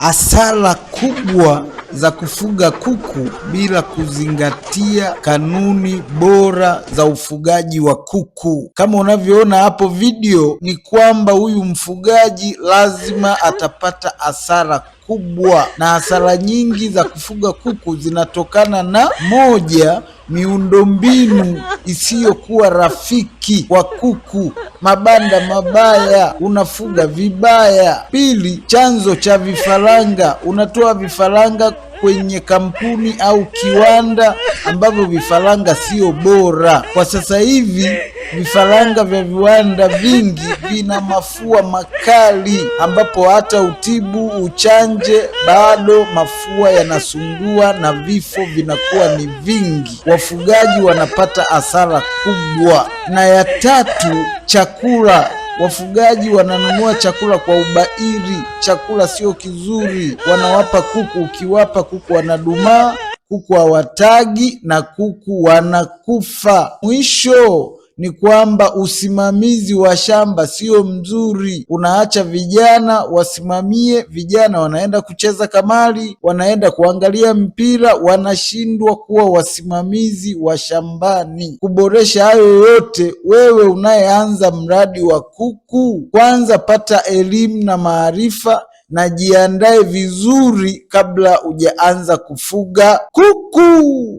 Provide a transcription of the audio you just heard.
Hasara kubwa za kufuga kuku bila kuzingatia kanuni bora za ufugaji wa kuku. Kama unavyoona hapo video, ni kwamba huyu mfugaji lazima atapata hasara kubwa, na hasara nyingi za kufuga kuku zinatokana na moja miundombinu isiyokuwa rafiki kwa kuku, mabanda mabaya, unafuga vibaya. Pili, chanzo cha vifaranga, unatoa vifaranga kwenye kampuni au kiwanda ambavyo vifaranga sio bora. Kwa sasa hivi Vifaranga vya viwanda vingi vina mafua makali, ambapo hata utibu uchanje, bado mafua yanasumbua na vifo vinakuwa ni vingi, wafugaji wanapata hasara kubwa. Na ya tatu, chakula wafugaji wananunua chakula kwa ubairi, chakula sio kizuri. Wanawapa kuku, ukiwapa kuku wanadumaa, kuku hawatagi na kuku wanakufa. Mwisho, ni kwamba usimamizi wa shamba sio mzuri, unaacha vijana wasimamie. Vijana wanaenda kucheza kamari, wanaenda kuangalia mpira, wanashindwa kuwa wasimamizi wa shambani. Kuboresha hayo yote, wewe unayeanza mradi wa kuku, kwanza pata elimu na maarifa na jiandae vizuri kabla hujaanza kufuga kuku.